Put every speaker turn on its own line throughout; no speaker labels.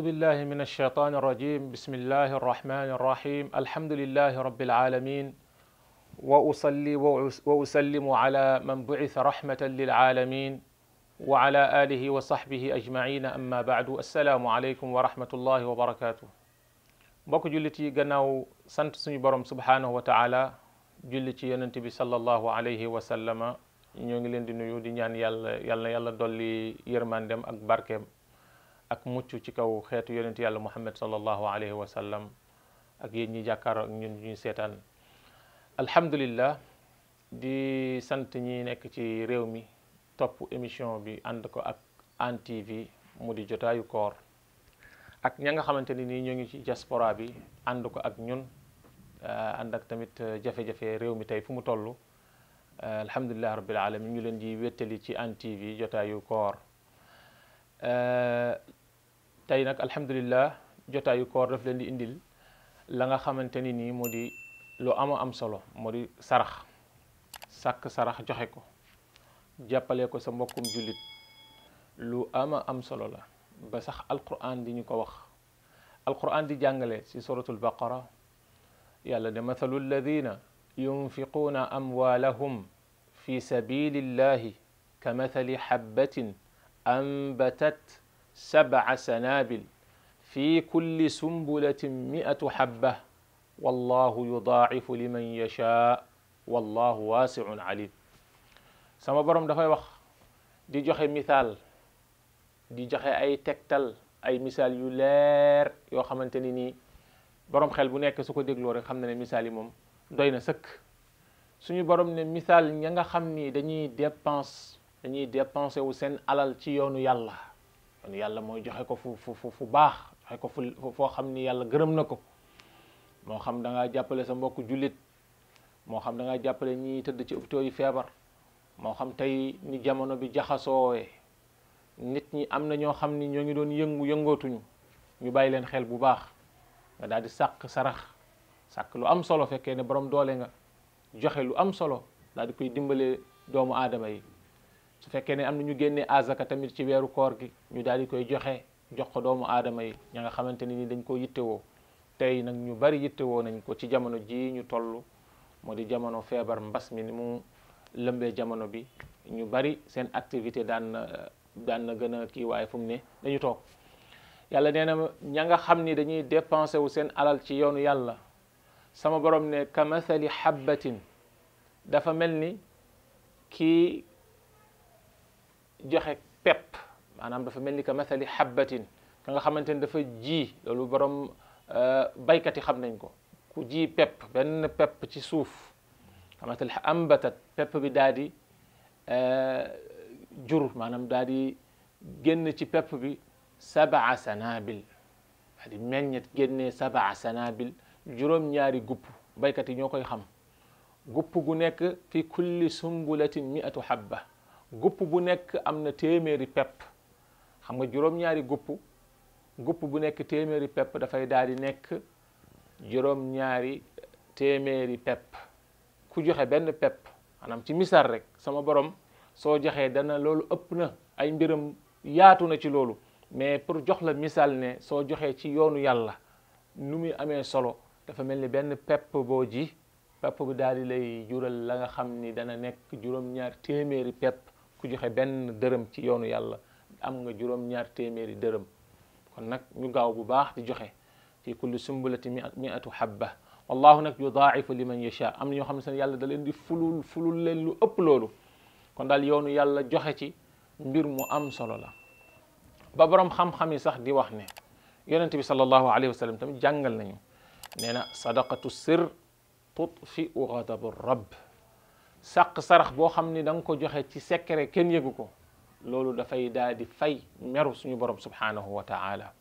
أعوذ بالله من الشيطان الرجيم بسم الله الرحمن الرحيم الحمد لله رب العالمين وأصلي وأسلم على من بعث رحمة للعالمين وعلى آله وصحبه أجمعين أما بعد السلام عليكم ورحمة الله وبركاته mbokk jullit yi gannaaw sant suñu borom subhaanahu wa taala julli ci yonent bi sallallahu alayhi wa sallama ñoo ngi leen di nuyu di ñaan yàlla yàlla yàlla dolli yërmandeem ak barkeem ak mucc ci kaw xeetu yonent yàlla muhammad sallallahu alayhi wa sallam ak yéen ñi jàkkaaroo ak ñun ñuy seetaan alhamdulillah di sant ñi nekk ci réew mi topp émission bi ànd ko ak Hann TV mu di jotaayu koor ak ña nga xamante ni nii ñoo ngi ci diaspora bi ànd ko ak ñun euh, ànd ak tamit jafe-jafe réew mi tey fu mu toll euh, alhamdulilah rabbil alamin ñu leen di wéttali ci Hann TV jotaayu koor euh, tey nag alhamdulilah jotaayu koor daf leen di indil la nga xamante ni ni moo di lu ama am solo moo di sarax sàkk sarax joxe ko jàppale ko sa mbokkum jullit lu ama am solo la ba sax alquran di ñu ko wax alquran di jàngale ci suratul baqara yàlla ne mathalu alladina yunfiquuna amwaalahum fi sabilillahi ka mathali xabbatin ambatat sab'a sanabil fi kulli sumbulatin mi'atu habba wallahu yudaa'ifu liman yashaa wallahu waasi'un alim sama borom dafay wax di joxe misaal di joxe ay tegtal ay misaal yu leer yoo xamante ni nii borom xel bu nekk su ko dégloo rek xam na ne misaal yi moom doy na sëkk suñu borom ne misaal nga xam ni dañuy dépense dañuy dépensé wu seen alal ci yoonu yàlla yàlla mooy joxe ko fu fu fu baax joxe ko fu foo xam ni yàlla gërëm na ko moo xam da jàppale sa mbokk jullit moo xam danga jàppale ñi tëdd ci hôpitaux yi feebar moo xam tey ni jamono bi jaxasoowee nit ñi am na ñoo xam ni ñoo ngi doon yëngu yëngootuñu ñu bàyyi leen xel bu baax nga daal di sàkk sarax sàkk lu am solo fekkee ne borom doole nga joxe lu am solo daal di koy dimbalee doomu aadama yi su fekkee ne am na ñu génnee azaka tamit ci weeru koor gi ñu daal di koy joxe jox ko doomu aadama yi ña nga xamante ni dañ ko yittewoo tey nag ñu bari woo nañ ko ci jamono jii ñu toll moo di jamono feebar mbas mi ni mu lëmbee jamono bi ñu bari seen activité daan na daan na gën a kii waaye fu mu ne dañu toog yàlla nee na ña nga xam ni dañuy dépensé wu seen alal ci yoonu yàlla sama borom ne ka mathali habbatin dafa mel ni kii joxe pepp maanaam dafa mel ni que masali xabbatin ka nga xamante ni dafa ji loolu borom euh, baykat yi xam nañ ko ku ji pepp benn pepp ci suuf xamatal ambatat pepp bi daal di euh, jur maanaam daal di génn ci pepp bi sabaa sanabil daal di meññet génnee sabaa sanabil juróom-ñaari gupp baykat yi ñoo koy xam gupp gu nekk fi kulli sumbulatin miatu habba gupp bu nekk am na téeméeri pepp xam nga juróom-ñaari gupp gupp bu nekk téeméeri pepp dafay daal di nekk juróom-ñaari téeméeri pepp ku joxe benn pepp maanaam ci misaal rek sama borom soo joxee dana loolu ëpp na ay mbiram yaatu na ci loolu mais pour jox la misaal ne soo joxee ci yoonu yàlla nu muy amee solo dafa mel ni benn pepp boo ji pepp bi daal di lay jural la nga xam ni dana nekk juróom-ñaar téeméeri pepp ku joxe benn dërëm ci yoonu yàlla am nga juróom-ñaar téeméeri dërëm kon nag ñu gaaw bu baax di joxe fi kulli sumbulati miatu habba wallahu nag yudaaifu liman yasha am na ñoo xam ne seen yàlla da leen di fulul fulul leen lu ëpp loolu kon daal yoonu yàlla joxe ci mbir mu am solo la ba borom xam-xam yi sax di wax ne yonente bi sallallahu alayhi wa sallam tamit jàngal nañu na sàq sarax boo xam ni danga ko joxe ci secret kenn yëgu ko loolu dafay daal di fay meru suñu borom subhaanahu wa ta'ala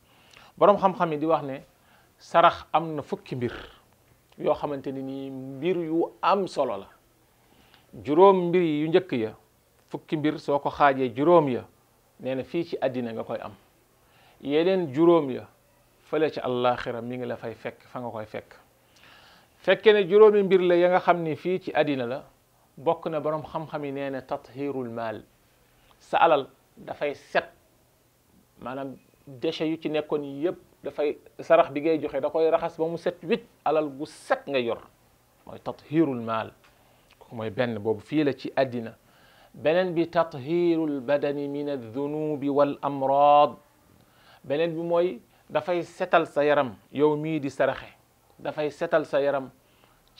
borom xam-xam yi di wax ne sarax am na fukki mbir yoo xamante ni nii mbir yu am solo la juróom mbir yu njëkk ya fukki mbir soo ko xaajee juróom ya nee na fii ci àddina nga koy am yeneen juróom ya fële ci àllaaxira mu ngi la fay fekk fa nga koy fekk fekke ne juróomi mbir la ya nga xam ni fii ci àddina la bokk na boroom xam-xam yi nee na tathirul maal sa alal dafay set maanaam déchets yu ci nekkoon yëpp dafay sarax bi ngay joxe da koy raxas ba mu set wit alal gu set nga yor mooy tathirul maal mooy benn boobu fii la ci àddina beneen bi tathirul badani min addunubi wal amraad beneen bi mooy dafay setal sa yaram yow mii di saraxe dafay setal sa yaram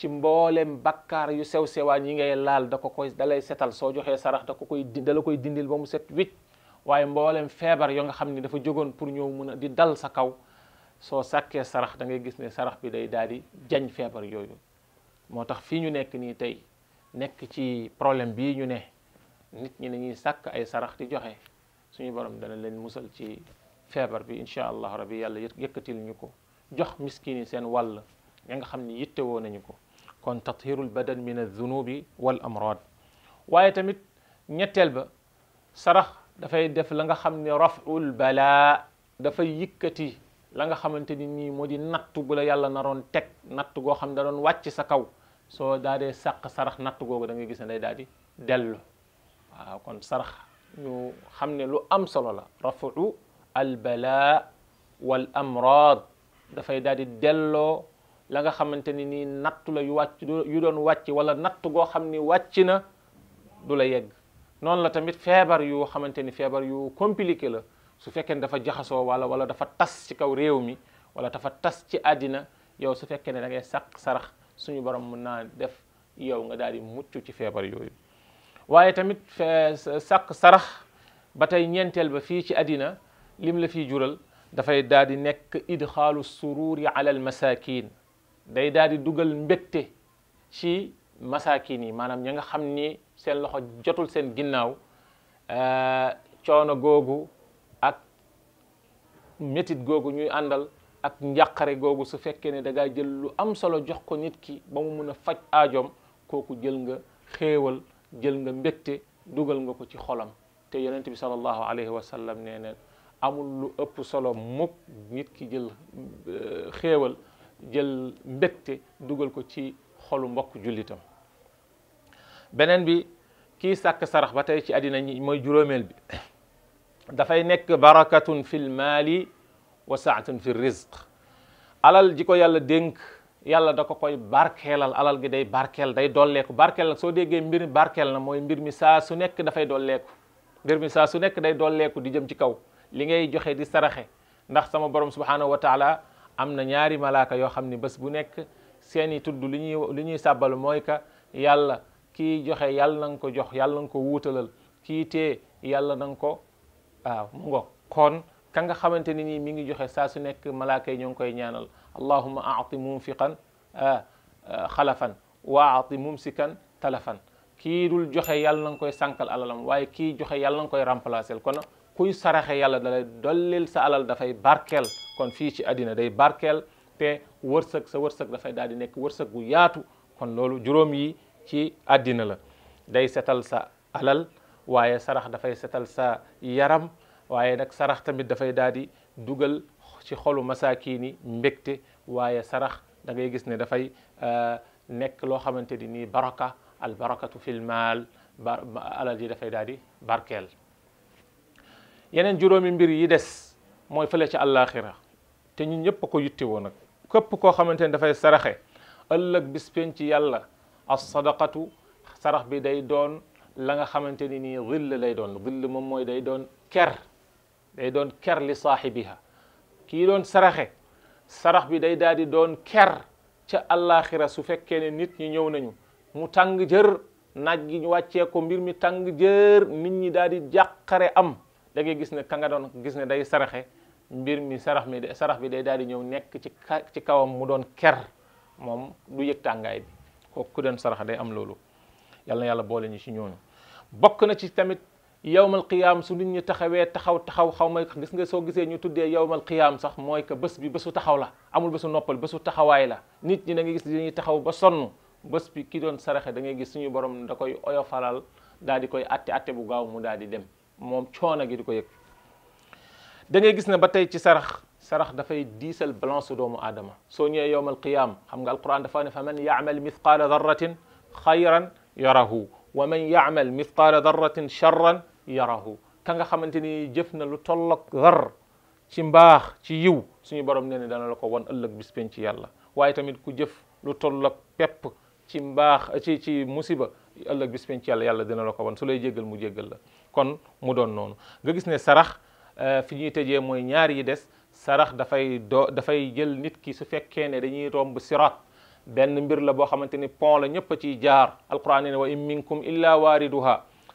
ci mboolem bakkaar yu sew sewaan yi ngay laal da ko koy da lay setal soo joxee sarax da ko koy da la koy dindil ba mu set wicc waaye mboolem feebar yoo nga xam ne dafa jógoon pour ñëw mun a di dal sa kaw soo sàkkee sarax da ngay gis ne sarax bi day daal di jañ feebar yooyu moo tax fii ñu nekk nii tey nekk ci problème bii ñu ne nit ñi dañuy sàkk ay sarax di joxe suñu borom dana leen musal ci feebar bi incha allah rabbi yàlla yëkkatil ñu ko jox miskin yi seen wàll ña nga xam ne yittewoo nañu ko kon tathiru albadan min alzunubi wal amrad waaye tamit ñetteel ba sarax dafay def la nga xam ne raful balaa dafay yëkkati la nga xamante ni nii moo di natt bu la yàlla naroon teg natt goo xam ne da wàcc sa kaw soo daa saq sarax natt googu da gisa gis ne day daal kon sarax ñu xam ne lu am solo la rafu al balaa dafay daal di la nga xamante ni nii nattu la yu wàcc yu doon wàcc wala natt goo xam ni wàcc na du la yegg noonu la tamit feebar yu xamante ni feebar yu compliqué la su fekkee ne dafa jaxasoo wala wala dafa tas ci kaw réew mi wala dafa tas ci àddina yow su fekkee ne da ngay sàq sarax suñu borom mën naa def yow nga daal di mucc ci feebar yooyu waaye tamit sàq sarax ba tey ñeenteel ba fii ci àddina lim la fi jural dafay daal di nekk idxaalu sururi ala al masakin day daal di dugal mbégte ci masaakin yi maanaam ña nga xam ni seen loxo jotul seen ginnaaw eh, coono googu ak métit googu ñuy àndal ak njàqare googu su fekkee ne da jël lu am solo jox ko nit ki ba mu mun a faj aajoom kooku jël nga xéewal jël nga mbégte dugal nga ko ci xolam te yeneen bi sallallahu alayhi wa sallam nee na amul lu ëpp solo mukk nit ki jël eh, xéewal jël mbégte dugal ko ci xolu mbokk jullitam beneen bi kii sàkk sarax ba tey ci àddina ñi mooy juróomeel bi dafay nekk barakatun fil maali wa saatun fi rizq alal ji ko yàlla dénk yàlla da ko koy barkeelal alal gi day barkeel day dolleeku barkeel soo déggee mbir barkeel na mooy mbir mi saa su nekk dafay dolleeku mbir mi saa su nekk day dolleeku di jëm ci kaw li ngay joxe di saraxe ndax sama borom subhanahu wa taala am na ñaari malaaka yoo xam ni bés bu nekk seeni tudd lu ñuy li ñuy sàbbal mooy ka yàlla kii joxe yàlla na nga ko jox yàlla nga ko wuutalal kii te yàlla na ko waaw kon ka nga xamante ni nii mi ngi joxe saa su nekk malaaka yi ñoo ngi koy ñaanal allahuma aati munfiqan ah, ah, xalafan wa aati mumsikan talafan kii dul joxe yàlla na nga koy sànkal alalam waaye kii joxe yàlla na ko koy remplacer kon kuy saraxe yàlla dalay dollil sa alal dafay barkeel kon fii ci àddina day barkeel te wërsëg sa wërsëg dafay daal di nekk wërsëg gu yaatu kon loolu juróom yi ci àddina la day setal sa alal waaye sarax dafay setal sa yaram waaye nag sarax tamit dafay daal di dugal ci xolu masaakiini mbégte waaye sarax dangay gis ne dafay euh, nekk loo xamante ni nii baraka al barakatu fil alal ji dafay daal di barkeel yeneen juróomi mbir yi des mooy fële ci àllaaxira ñu ñun ñëpp a ko yittewoo nag képp koo xamante ne dafay saraxe ëllëg bis penc ci yàlla as sadaqatu sarax bi day doon la nga xamante ni nii zill lay doon zill moom mooy day doon ker day doon ker li saaxibiha kii doon saraxe sarax bi day daal di doon ker ca àllaaxira su fekkee ne nit ñi ñëw nañu mu tàng jër naaj gi ñu wàccee ko mbir mi tàng jër nit ñi daal di jàqare am da gis ne kanga doon gis ne day saraxe mbir mi sarax mi sarax bi day daal di ñëw nekk ci ci kawam mu doon ker moom du yëg tàngaay bi kooku ku doon sarax day am loolu yàlla yàlla boole ci ñooñu bokk na ci tamit yawmal qiyaam su nit ñi taxawee taxaw taxaw xaw ma gis nga soo gisee ñu tuddee yawmal qiyaam sax mooy que bés bi bésu taxaw la amul bésu noppal bésu taxawaay la nit ñi da ngay gis dañuy taxaw ba sonn bës bi ki doon saraxe da ngay gis suñu borom da koy oyofalal daal di koy atte atte bu gaaw mu daal di dem moom coono gi di ko yëg da ngay gis ne ba tey ci sarax sarax dafay diisal balance doomu aadama soo ñëwee yowmal qiyaam xam nga alquran dafa ne fa man yaamal mithqaala darratin xayran yarahu wa man yaamal mithqaala darratin charran yarahu ka nga xamante ni jëf na lu tolloog dar ci mbaax ci yiw suñu borom nee ne dana la ko wan ëllëg bis penc ci yàlla waaye tamit ku jëf lu tolloog pepp ci mbaax ci ci musiba ëllëg bis penc ci yàlla dina la ko wan su lay jéggal mu jéggal la kon mu doon noonu Euh, fi ñuy tëjee mooy ñaar yi des sarax dafay doo dafay jël nit ki su fekkee ne dañuy romb sirat benn mbir la boo xamante ni pont la ñëpp a ciy jaar alquran ne wa in minkum illa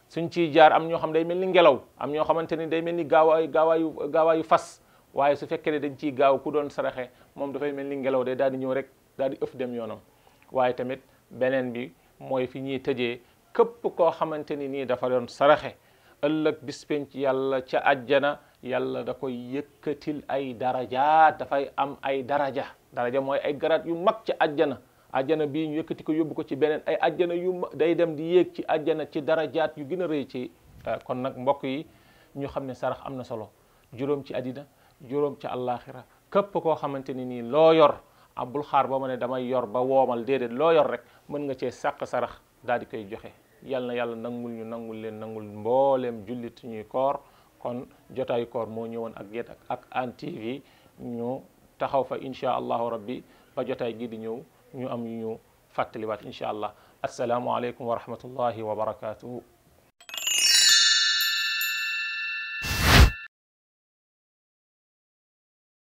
suñ ciy jaar am ñoo xam day mel ni ngelaw am ñoo xamante ni day mel ni gaawaayu gaawaayu gaawaayu fas waaye su fekkee ne dañ ciy gaaw ku doon saraxe moom dafay mel ni ngelaw day daal di ñëw rek daal di ëf dem yoonam waaye tamit beneen bi mooy fi ñuy tëjee képp koo xamante ni nii dafa doon saraxe ëllëg bispenc yàlla ca ajjana yàlla da koy yëkkatil ay darajaat dafay am ay daraja daraja mooy ay garaat yu mag ca àjjana àjjana bii ñu yëkkati ko yóbbu ko ci beneen ay àjjana yu day dem di yéeg ci àjjana ci darajaat yu gën a rëy ci ah, kon nag mbokk yi ñu xam ne sarax am na solo juróom ci àddina juróom ca àllaaxira képp koo xamante ni nii loo yor abul ah, xaar ba ma ne damay yor ba woomal déedéet loo yor rek mën nga cee sàq sarax daal di koy joxe yal na yàlla nangul ñu nangul leen nangul mbooleem jullit ñuy koor kon jotaayu koor moo ñëwoon ak yéen ak Hann TV ñu taxaw fa incha allahu rabbi ba jotaay gi di ñëw ñu am yu ñu fàttaliwaat incha allah asalaamualeykum wa rahmatullahi wa